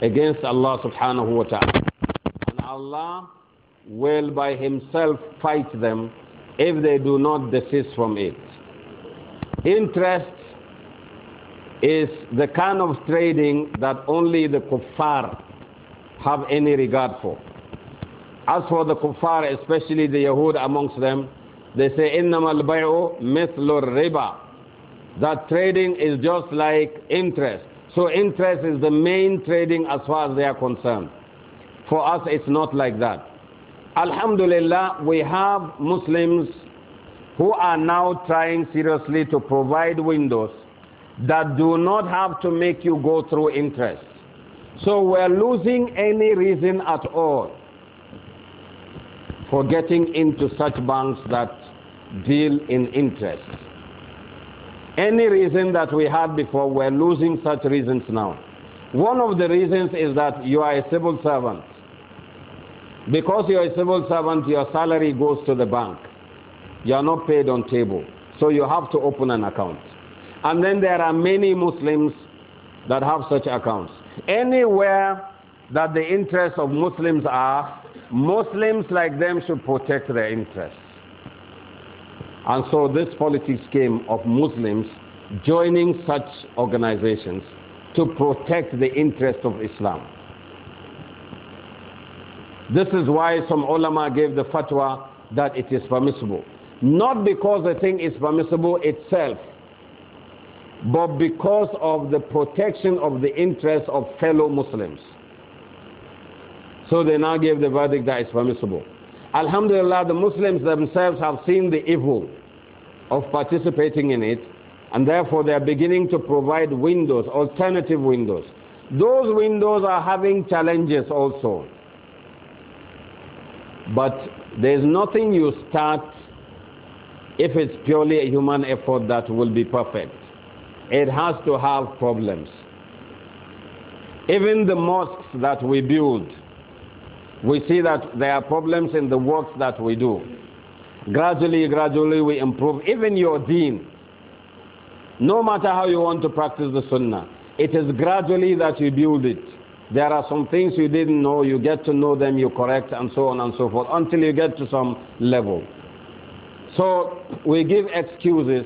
S1: against Allah subhanahu wa ta'ala. And Allah will by Himself fight them if they do not desist from it. Interest is the kind of trading that only the kuffar have any regard for. As for the kuffar, especially the Yahud amongst them, they say, إِنَّمَا الْبَيْعُ مِثْلُ riba. That trading is just like interest. So interest is the main trading as far as they are concerned. For us, it's not like that. Alhamdulillah, we have Muslims who are now trying seriously to provide windows that do not have to make you go through interest. So we're losing any reason at all for getting into such banks that deal in interest. Any reason that we had before, we're losing such reasons now. One of the reasons is that you are a civil servant. Because you're a civil servant, your salary goes to the bank. You are not paid on table. So you have to open an account. And then there are many Muslims that have such accounts. Anywhere that the interests of Muslims are, Muslims like them should protect their interests. And so this politics came of Muslims joining such organizations to protect the interest of Islam. This is why some ulama gave the fatwa that it is permissible. Not because the thing is permissible itself, but because of the protection of the interests of fellow Muslims. So they now gave the verdict that it's permissible. Alhamdulillah, the Muslims themselves have seen the evil of participating in it, and therefore they are beginning to provide windows, alternative windows. Those windows are having challenges also. But there's nothing you start if it's purely a human effort, that will be perfect. It has to have problems. Even the mosques that we build, we see that there are problems in the works that we do. Gradually, gradually, we improve. Even your deen, no matter how you want to practice the sunnah, it is gradually that you build it. There are some things you didn't know, you get to know them, you correct, and so on and so forth, until you get to some level. So we give excuses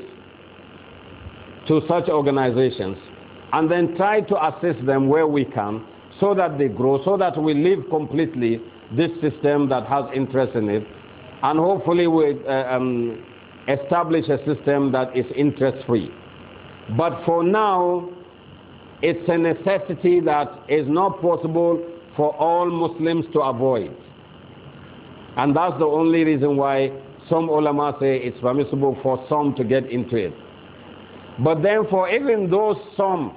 S1: to such organizations and then try to assist them where we can so that they grow, so that we leave completely this system that has interest in it, and hopefully we uh, um, establish a system that is interest free. But for now, it's a necessity that is not possible for all Muslims to avoid. And that's the only reason why some ulama say it's permissible for some to get into it. But then for even those some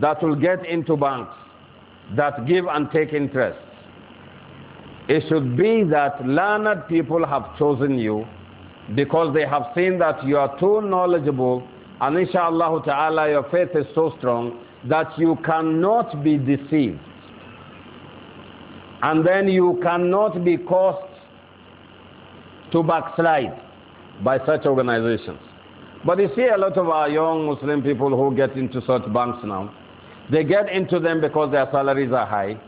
S1: that will get into banks, that give and take interest, it should be that learned people have chosen you because they have seen that you are too knowledgeable and inshallah ta'ala your faith is so strong that you cannot be deceived. And then you cannot be caused to backslide by such organizations. But you see a lot of our young Muslim people who get into such banks now, they get into them because their salaries are high.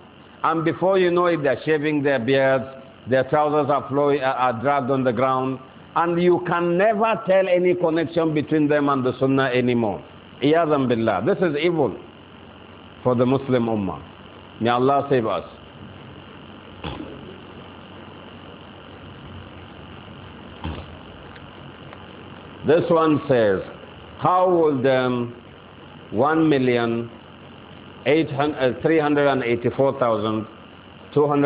S1: And before you know it, they're shaving their beards, their trousers are, flowing, uh, are dragged on the ground, and you can never tell any connection between them and the Sunnah anymore. Iyazam billah. This is evil for the Muslim Ummah. May Allah save us. This one says, how would um, 1,384,298 uh,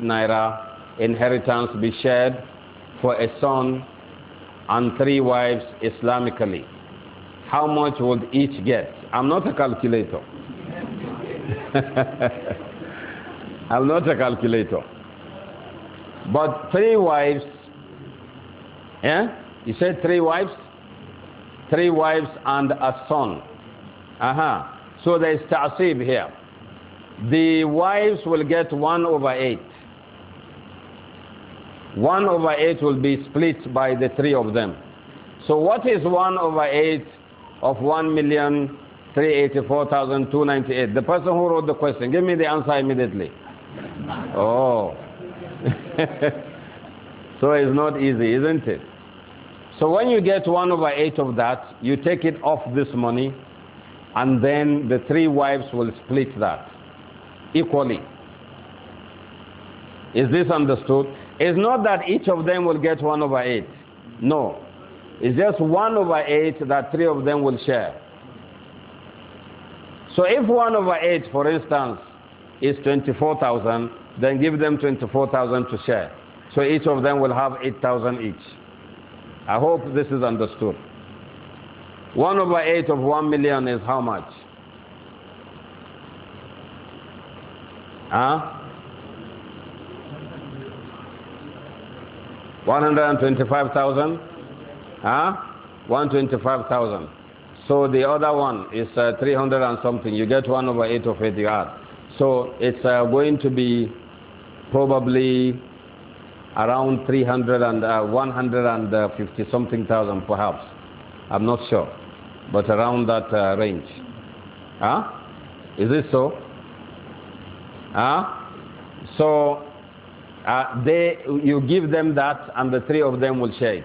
S1: naira inheritance be shared for a son and three wives Islamically? How much would each get? I'm not a calculator. I'm not a calculator. But three wives, yeah? He said three wives, three wives and a son. Aha. Uh -huh. So there is ta'asib here. The wives will get one over eight. One over eight will be split by the three of them. So what is one over eight of one million three eighty four thousand two ninety eight? The person who wrote the question, give me the answer immediately. Oh. so it's not easy, isn't it? So when you get 1 over 8 of that, you take it off this money, and then the three wives will split that equally. Is this understood? It's not that each of them will get 1 over 8. No. It's just 1 over 8 that three of them will share. So if 1 over 8, for instance, is 24,000, then give them 24,000 to share. So each of them will have 8,000 each. I hope this is understood. 1 over 8 of 1 million is how much? Huh? 125,000? Huh? 125,000. So the other one is uh, 300 and something. You get 1 over 8 of it you add. So it's uh, going to be probably around 300 and uh, 150 uh, something thousand perhaps. I'm not sure, but around that uh, range. Huh? Is it so? Huh? So uh, they, you give them that, and the three of them will share it.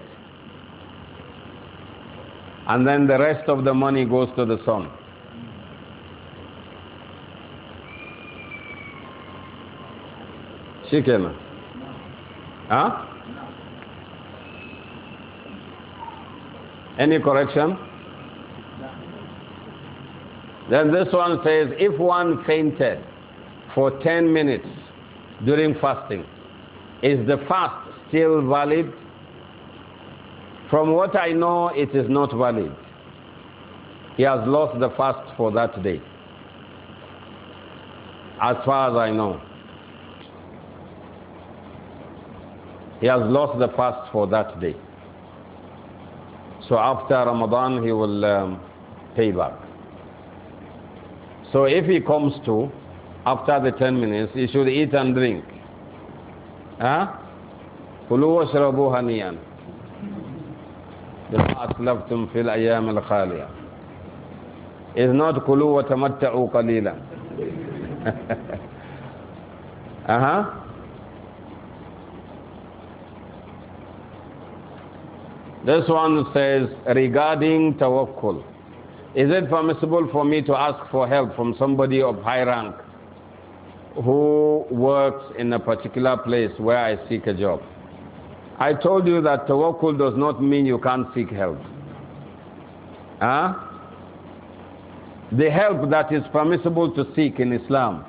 S1: And then the rest of the money goes to the son. Chicken. Huh? Any correction? Then this one says if one fainted for 10 minutes during fasting, is the fast still valid? From what I know, it is not valid. He has lost the fast for that day. As far as I know. he has lost the fast for that day. So after Ramadan, he will um, pay back. So if he comes to, after the 10 minutes, he should eat and drink. Huh? كلوا واشربوا هنيئا بما أسلفتم في الأيام الخالية إذ not كلوا وتمتعوا Uh-huh. This one says, regarding tawakkul, is it permissible for me to ask for help from somebody of high rank who works in a particular place where I seek a job? I told you that tawakkul does not mean you can't seek help. Huh? The help that is permissible to seek in Islam,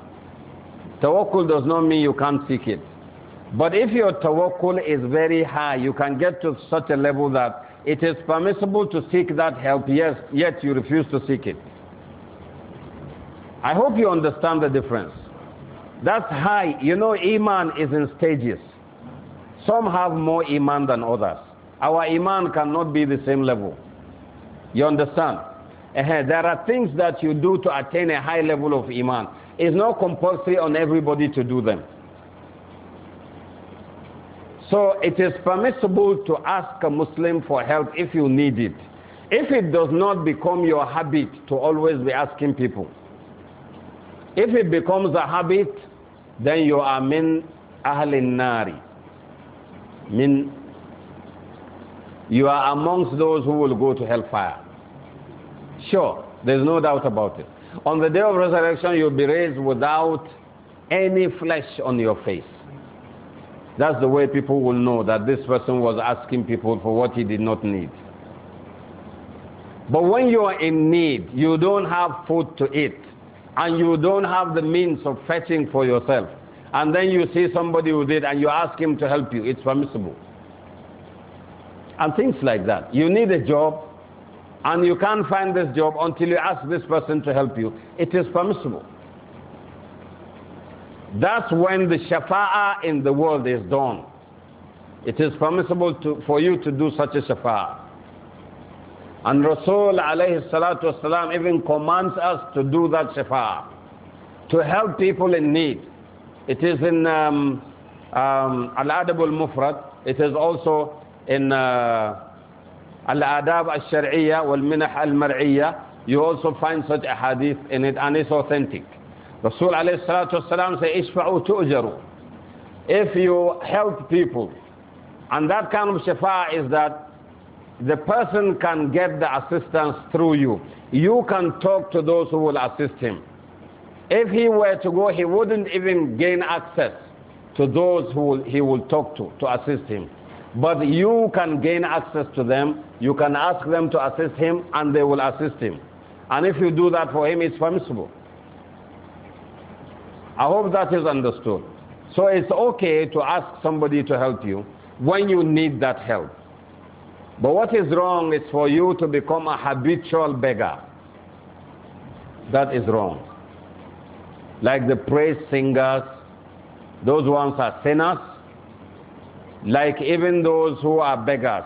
S1: tawakkul does not mean you can't seek it. But if your tawakkul is very high, you can get to such a level that it is permissible to seek that help, yes, yet you refuse to seek it. I hope you understand the difference. That's high. You know, Iman is in stages. Some have more Iman than others. Our Iman cannot be the same level. You understand? There are things that you do to attain a high level of Iman. It's not compulsory on everybody to do them. So it is permissible to ask a Muslim for help if you need it. If it does not become your habit to always be asking people, if it becomes a habit, then you are min ahlin nari. Min, you are amongst those who will go to hellfire. Sure, there's no doubt about it. On the day of resurrection, you'll be raised without any flesh on your face. That's the way people will know that this person was asking people for what he did not need. But when you are in need, you don't have food to eat, and you don't have the means of fetching for yourself, and then you see somebody who did and you ask him to help you, it's permissible. And things like that. You need a job, and you can't find this job until you ask this person to help you, it is permissible. That's when the shafa'ah in the world is done. It is permissible to, for you to do such a shafa'ah. And Rasul alayhi salatu wasalam even commands us to do that shafa'ah, to help people in need. It is in um, um, Al-Adab al-Mufrad. It is also in uh, Al-Adab al-Shar'iyya wal-Minah al-Mar'iyya. You also find such a hadith in it and it's authentic. Rasul alayhi salatu wasalam say, Ishfa'u tu'jaru. If you help people, and that kind of shafa is that the person can get the assistance through you. You can talk to those who will assist him. If he were to go, he wouldn't even gain access to those who he will talk to, to assist him. But you can gain access to them, you can ask them to assist him, and they will assist him. And if you do that for him, it's permissible. I hope that is understood. So it's okay to ask somebody to help you when you need that help. But what is wrong is for you to become a habitual beggar. That is wrong. Like the praise singers, those ones are sinners. Like even those who are beggars,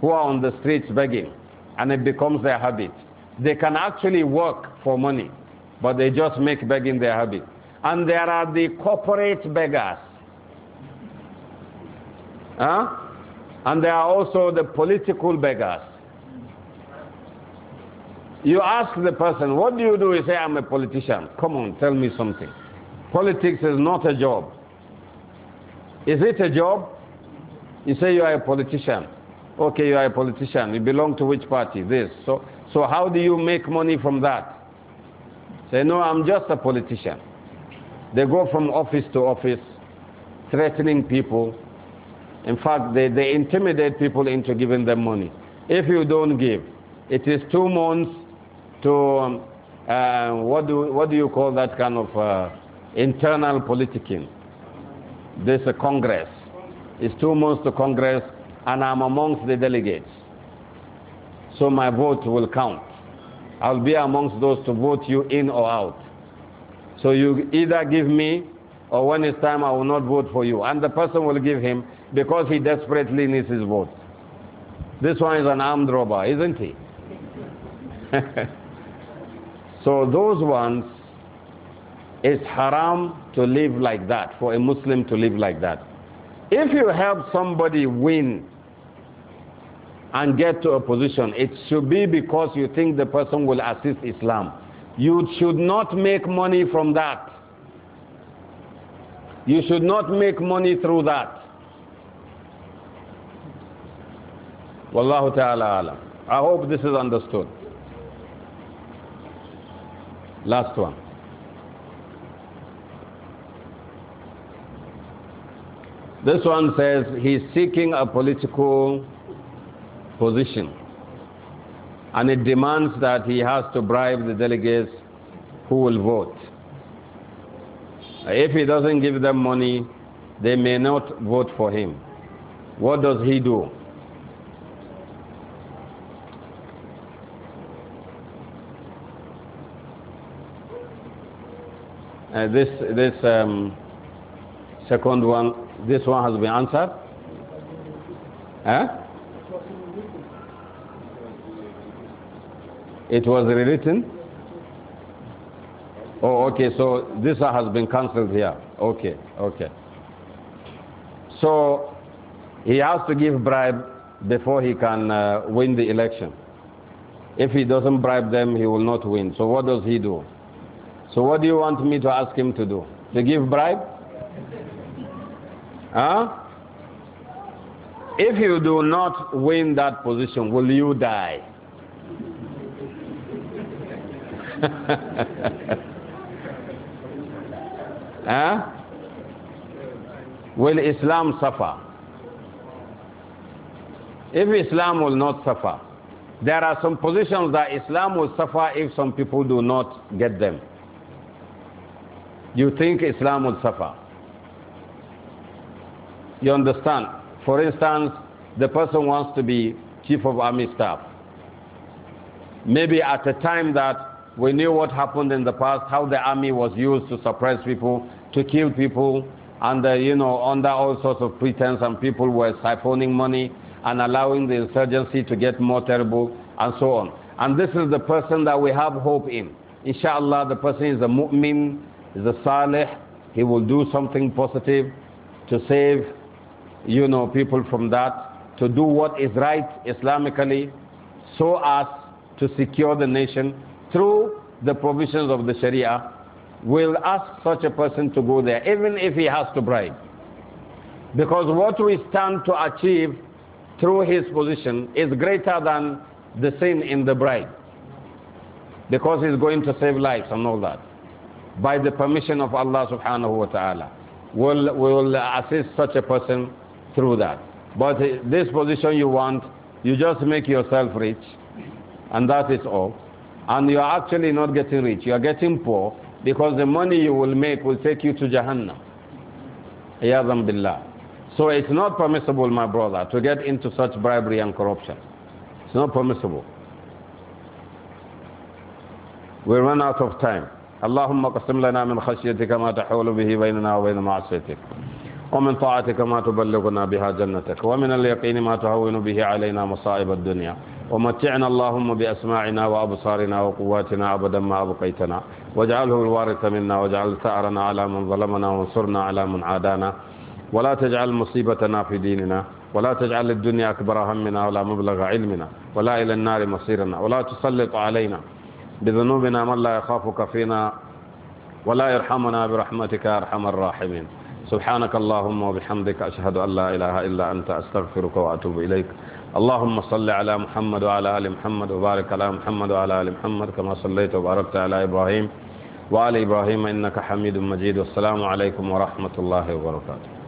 S1: who are on the streets begging, and it becomes their habit. They can actually work for money, but they just make begging their habit and there are the corporate beggars. Huh? And there are also the political beggars. You ask the person, what do you do? He say, I'm a politician. Come on, tell me something. Politics is not a job. Is it a job? You say you are a politician. Okay, you are a politician. You belong to which party? This. So, so how do you make money from that? Say, no, I'm just a politician. They go from office to office threatening people. In fact, they, they intimidate people into giving them money. If you don't give, it is two months to, um, uh, what, do, what do you call that kind of uh, internal politicking? There's a Congress. It's two months to Congress, and I'm amongst the delegates. So my vote will count. I'll be amongst those to vote you in or out. So you either give me or when it's time I will not vote for you. And the person will give him because he desperately needs his vote. This one is an armed robber, isn't he? so those ones, it's haram to live like that, for a Muslim to live like that. If you help somebody win and get to a position, it should be because you think the person will assist Islam. You should not make money from that. You should not make money through that. Wallahu ta'ala alam. I hope this is understood. Last one. This one says he's seeking a political position and it demands that he has to bribe the delegates who will vote. If he doesn't give them money, they may not vote for him. What does he do? Uh, this this um, second one, this one has been answered. Huh? It was rewritten? Oh, okay, so this has been cancelled here. Okay, okay. So he has to give bribe before he can uh, win the election. If he doesn't bribe them, he will not win. So what does he do? So what do you want me to ask him to do? To give bribe? Huh? If you do not win that position, will you die? Will Islam suffer? If Islam will not suffer, there are some positions that Islam will suffer if some people do not get them. You think Islam will suffer. You understand? For instance, the person wants to be chief of army staff. Maybe at a time that we knew what happened in the past, how the army was used to suppress people, to kill people, and, uh, you know, under all sorts of pretense, and people were siphoning money and allowing the insurgency to get more terrible, and so on. And this is the person that we have hope in. Inshallah, the person is a mu'min, is a salih, he will do something positive to save, you know, people from that, to do what is right Islamically, so as to secure the nation through the provisions of the Sharia, will ask such a person to go there, even if he has to bribe. Because what we stand to achieve through his position is greater than the sin in the bribe. Because he's going to save lives and all that. By the permission of Allah subhanahu wa ta'ala. We'll, will assist such a person through that. But this position you want, you just make yourself rich, and that is all and you are actually not getting rich, you are getting poor because the money you will make will take you to Jahannam. So it's not permissible, my brother, to get into such bribery and corruption. It's not permissible. We run out of time. اللهم قسم لنا من خشيتك ما تحول به بيننا وبين معصيتك ومن طاعتك ما تبلغنا بها جنتك ومن اليقين ما تهون به علينا مصائب الدنيا ومتعنا اللهم بأسماعنا وأبصارنا وقواتنا أبدا ما أبقيتنا واجعله الوارث منا واجعل ثأرنا على من ظلمنا وانصرنا على من عادانا ولا تجعل مصيبتنا في ديننا ولا تجعل الدنيا أكبر همنا ولا مبلغ علمنا ولا إلى النار مصيرنا ولا تسلط علينا بذنوبنا من لا يخافك فينا ولا يرحمنا برحمتك يا أرحم الراحمين سبحانك اللهم وبحمدك أشهد أن لا إله إلا أنت أستغفرك وأتوب إليك اللهم صل على محمد وعلى آل محمد وبارك على محمد وعلى آل محمد كما صليت وباركت على إبراهيم وعلى إبراهيم إنك حميد مجيد والسلام عليكم ورحمة الله وبركاته